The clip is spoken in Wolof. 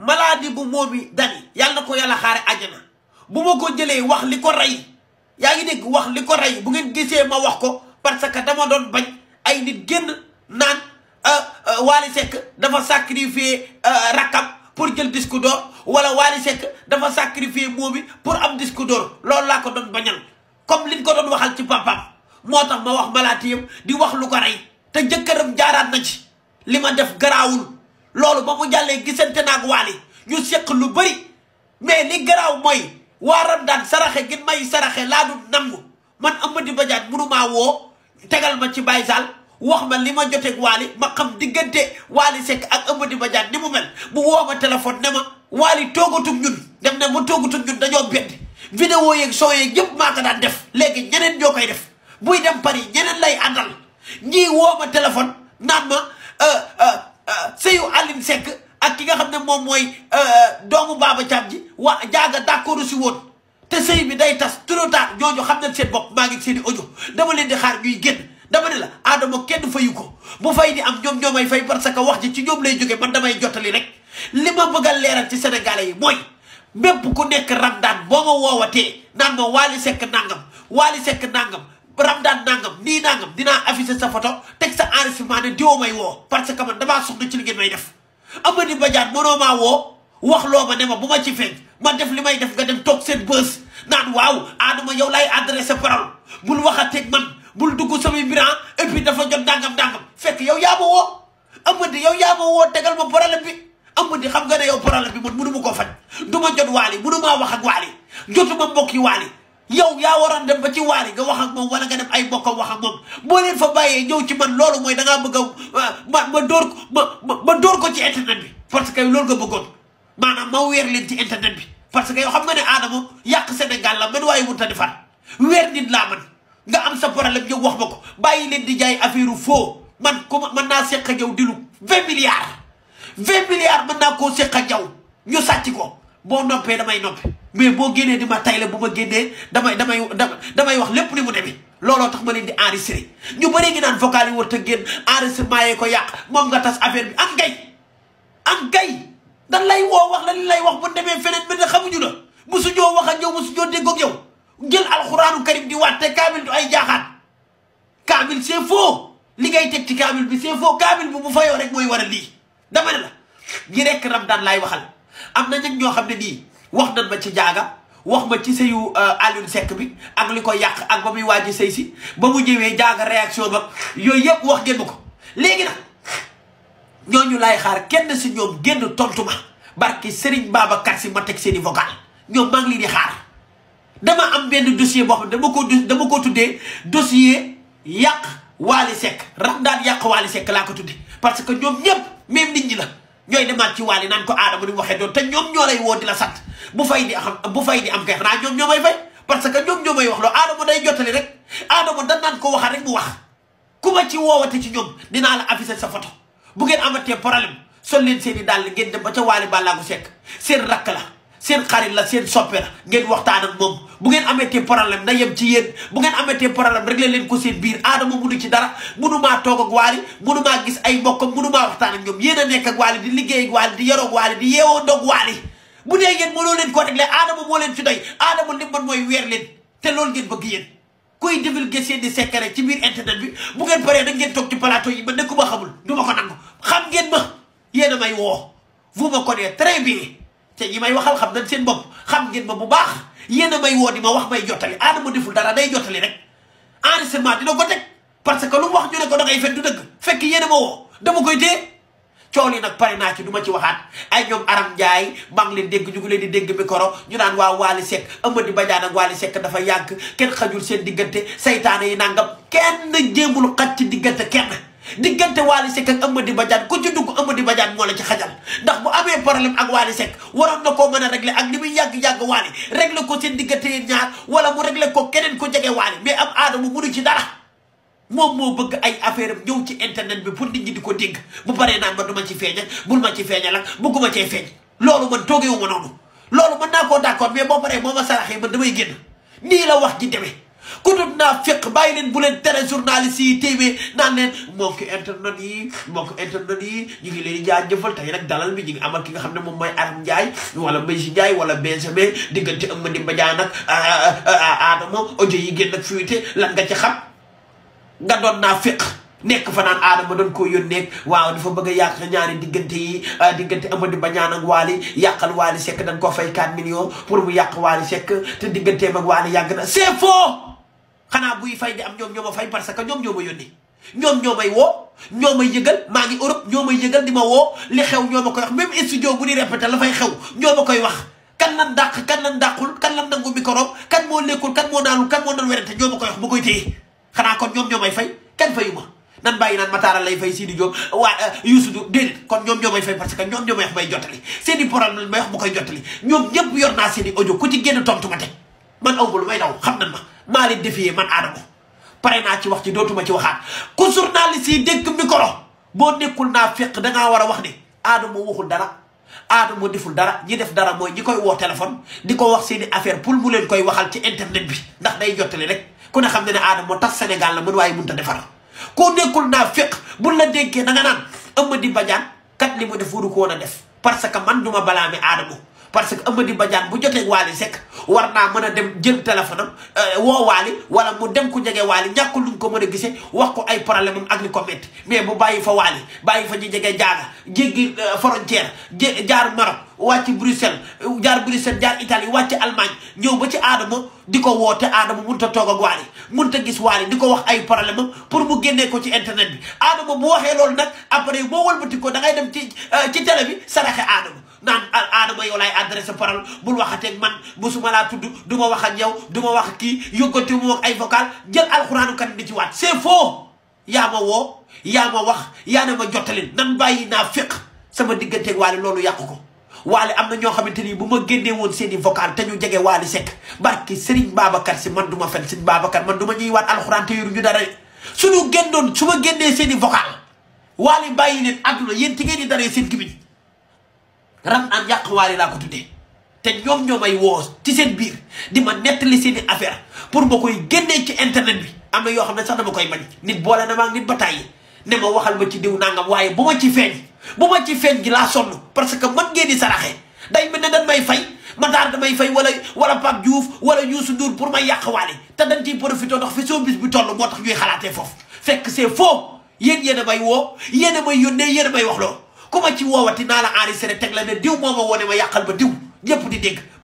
maladie bu moom yi dali yàlla na ko yàlla xaare àjjana bu ma ko jëlee wax li ko rey yaa ngi dégg wax li ko rey bu ngeen gisee ma wax ko parce que dama doon bañ ay nit génn naan euh, euh, Wally Seck dafa sacrifié euh, rakkam pour jël disque d'or wala Wally Seck dafa sacrifié moomi pour am disque d'or loolu laa ko doon bañal comme liñ ko doon waxal ci papaam moo tax ma wax malaati yëpp di wax lu ko rey te jëkkëram jaaraat na ci li ma def garaawul loolu ba mu jàllee gisante naag waali ñu seq lu bëri mais li garaaw mooy waa Ramadaan saraxe gi may saraxe laa du nangu man Amady Badiane mënumaa woo tegal ma ci Baye Sall wax ma li ma joteeg waali ma xam diggante waali Seck ak ba Badiane ni mu mel mu woo ma téléphone ne ma waali toogatug ñun dem ne ma toogatug ñun dañoo bedd vidéo yeeg soo yeeg yëpp maa ko daan def léegi ñeneen ñoo koy def buy dem Paris ñeneen lay àndal ñii woo ma téléphone naan ma euh, euh, Euh, sëyu Alioune sekk ak ki nga xam ne moom mooy euh, doomu Baba Thiam ji wa jaaga d'accord si woon te sëy bi day tas trop tard xam ne seen bopp maa ngi seen i audio dama leen di xaar ñuy génn dama ne la Adama kenn fayu ko boo fay di am ñoom ñoomay fay parce que wax ji ci ñoom lay jóge man damay jottali rek li ma bëgg leeral ci sénégalais yi mooy bépp ku nekk Ramadaan boo ma woowatee naan ma Waly Seck nangam Waly Seck nangam Ramadaan nangam nii nangam dinaa afficher sa photo teg sa enregistrement ne diwoo may woo parce que man damaa soxla ci li ngeen may def Amady Badiane mënoo maa woo wax loo ma ne ma bu ma ci feeñ ma def li may def nga dem toog seen bës naan waaw aadama yow lay adressé parole bul waxateeg man bul dugg samay biran et puis dafa jot ndàngam ndàngam fekk yow yaa ma woo Amady yow yaa ma woo tegal ma problème bi Amady xam nga ne yow problème bi man mënu ma koo faj du ma jot waali mënu wax ak waali jotuma mbokk yi waali yow yaa waroon dem ba ci waari nga wax ak moom wala nga dem ay bokkam wax ak moom boo leen fa bàyyee ñëw ci man loolu mooy da ngaa bëgg a euh, ma ma dóor ma dóor ko ci internet bi parce que loolu nga bëggoon maanaam ma weer leen ci internet bi parce que yow xam nga ne Adama yàq Sénégal la man waaye mënut a defar weer nit laa man nga am sa problème ñëw wax ma ko bàyyi leen di jaay affaire faux man ko mën naa seq ak yow dilu vingt milliards vingt milliards mën naa koo seq ak yow ñu sàcc ko boo noppee damay noppi mais boo génnee di ma tayle bu ma génnee damay damay damay wax lépp ni mu demee looloo tax ma leen di enregistré ñu bëree ngi naan vocal yi war a génn enregistrement yee ko yàq moom nga tas affaire bi am ngay am ngay dan lay woo wax la li lay wax bu demee feneen bi ne xamuñu la musu ñoo wax ak yow musu ñoo dégg ak yow jël alxuraanu karim di te kaamil du ay jaaxaat kaamil c'est faux li ngay teg ci kaamil bi c'est faux kaamil bi bu fayoo rek mooy war a lii dama ne la ñi rek ram daan laay waxal am na ñag ñoo xam ne nii wax nañ ma ci jaaga wax ma ci sëyu euh, Alioune Seck bi ak li ko yàq ak ba muy waaji sëy si ba mu jëwee jaaga réaction ba yooyu yëpp wax génn ko léegi nag ñooñu laay xaar kenn si ñoom génn tontu ma barki Serigne Babacar si ma teg seen i vocal ñoom maa ngi leen di xaar dama am benn dossier boo xam ne dama ko dama ko tuddee dossier yàq Waly Seck ram daan yàq Waly Seck laa ko tuddee parce que ñoom ñëpp même nit ñi la ñooy demaat ci waali naan ko aadama ni waxee doon te ñoom ñoo lay woo di la sant bu fay di am bu fay am kay xanaa ñoom ñoo may fay parce que ñoom ñoo may wax loo aadama day jottali rek aadama da naan ko waxaat rek mu wax ku ma ci woowate ci ñoom dinaa la afficher sa photo bu ngeen amatee problème sol leen seen i daal ngeen dem ba ca waali bàllaagu sekk seen rakk la seen xarit la seen soppe la ngeen waxtaan ak moom bu ngeen ameetee problème na yem ci yéen bu ngeen ameetee problème rek leen leen ko seen biir aadama munu ci dara munumaa toog ak waali munumaa gis ay mbokkam munumaa waxtaan ak ñoom yéen a nekk ak waali di liggéey ak waali di yaroo ak waali di yeewoo ndog waali bu dee yéen mënoo leen ko réglé aadama moo leen ci doy aadama li man mooy weer leen te loolu ngeen bëgg yéen kuy divulguer seen di secret ci biir internet bi bu ngeen pare da ngeen toog ci plateau yi ma nekku ma xamul du ma ko nangu xam ngeen ma yéen a may woo vous me connaissez très bien te ñi may waxal xam nañ seen bopp xam ngeen ma bu baax yéen a may woo di ma wax may jottali Adama deful dara day jottali rek enregistrement dina ko teg parce que lu mu wax ñu ne ko da ngay fen du dëgg fekk yéen a ma woo dama koy téye coow li nag pare naa ci duma ci waxaat ay ñoom Aram Ndiaye maa ngi leen dégg ñu ngi leen di dégg micro ñu naan waa Waly Seck Amady Badiane ak Waly Seck dafa yàgg kenn xajul seen diggante saytaane yi nangam kenn jéemul xaj ci diggante kenn. diggante Wally Seck ak Amady Badiane ku ci dugg Amady Badiane moo la ci xajal ndax bu amee problème ak Wally Seck waroon na koo mën a régler ak ni muy yàgg-yàgg Wally régler ko seen diggante yéen ñaar wala mu régler ko keneen ku jege Wally mais am aadama munu ci dara moom moo bëgg ay affaire am ñëw ci internet bi pour nit ñi di ko dégg bu paree naan ma du ma ci feeñal bul ma ci feeñal ak bugguma cee feeñ loolu man toogeewu ma noonu loolu mën naa koo d'accord mais boo paree boo ma saraxee man damay génn nii la wax ji demee ku dut naa féq bàyyi leen bu leen tere journaliste yi téeméer naan leen mbokk internet yi mbokk internet yi ñu ngi leen jaajëfal tey nag dalal bi ñu ngi amal ki nga xam ne moom mooy Arame Ndiaye wala Maïssa Ndiaye wala Benjamin diggante Amady Badiane ak Adama audio yi génn ak lan nga ci xam nga doon naa féq nekk fa aadama doon koo yónnee waaw dafa bëgg a yàq ñaari diggante yi ah, diggante Amady Bañaan ak Waly yàqal Waly Seck dañ koo fay 4 millions pour mu yàq Waly Seck te digganteem ak Waly yàgg na c'est faux xanaa buy fay di am ñoom ñoo ma fay parce que ñoom ñoo ma yónni ñoom ñoo may woo ñoo yëgal maa ngi Europe ñoo may yëgal di ma woo li xew ñoo ma koy wax même studio bu di répété la fay xew ñoo ma koy wax kan kan lan dàqul kan lan moo lekkul kan moo naanul kan moo doon werante ñoo ma koy wax ma koy téye xanaa kon ñoom ñoo may fay kenn fayu ma nan euh, kon ñoom ñoo may fay parce que ñoom ñoo may wax koy jottali ñoom ñëpp yor naa seen i audio ku ci génn tontu ma man aw ma lu may daw xam nan ma maa leen defee man Adamo pare naa ci wax ci dootuma ci waxaat ku journaliste yi dégg micro boo nekkul naa fekk dangaa war a wax ne Adamo waxul dara Adamo deful dara ñi def dara mooy ñi koy woo téléphone di ko wax seeni affaire pour mu leen koy waxal ci internet bi ndax day jottali rek ku ne xam ne ne Adamo tas Sénégal la mën waaye mënut ta defar koo nekkul naa fekk bul la dénkee da nga naan di bajaan kat li mu def waru ko a def parce que man du balaa balaame aadamo parce que Amady Badiane bu jotee Waly sekk war naa mën a dem jël téléphone am euh, woo Waly wala mu dem ku jege Waly ñàkk luñ ko mën a gisee wax ko ay problème am ak li ko mais bu bàyyi fa Waly bàyyi fa ñu jege jaaga jéggi euh, frontière jaar Maroc wàcc Bruxelles euh, jaar Bruxelles jaar Italie wàcc Allemagne ñëw ba ci Adama di ko woote Adama mënut a toog ak Waly mënut a gis Waly di ko wax ay problème am pour mu génnee ko ci internet bi Adama bu waxee loolu nag après boo wëlbati ko da dem ci ci télé bi saraxe Adama naan aadama yow laay adressé parole bul waxateeg man bu suma laa tudd du ma wax ak yow du wax kii yóggante mu ay vocal jël alxuraanu kan di ci waat c'est faux yaa ma woo yaa ma wax yaa ne ma jottali nan bàyyi naa féq sama digganteeg waale loolu yàqu ko waale am na ñoo xamante ni bu ma génnee woon seen i vocal te ñu jege waali sekk barki Serigne Babacar si man duma ma fen Serigne Babacar man du ma ñuy waat alxuraan te yoru ñu dara su suñu génnoon su ma génnee seen i vocal waale bàyyi leen àdduna yéen ci ngeen di daree seen ram an yàqwaale laa ko tuddee te ñoom ñoo may woo ci seen biir di ma nettali seeni affaire pour ma koy génnee ci internet bi am na yoo xam ne sax dama koy bañ nit boole na ma nit ba tàyyi ne ma waxal ma ci diw nangam waaye bu ma ci feeñ bu ma ci feeñ gi laa sonn parce que man ngeen di saraxee day mel ne dañ may fay Matar damay fay wala wala Pape Diouf wala Youssou Ndour pour may yàqwaale te dañ ciy profité ndax fi soo bis bi toll moo tax ñuy xalaatee foofu fekk c'est faux yéen yéen a may woo yéen a yónnee yéen a wax loo ku ma ci woowati naa la enregistré teg la ne diw moo ma wone ma yàqal ba diw ñëpp di dégg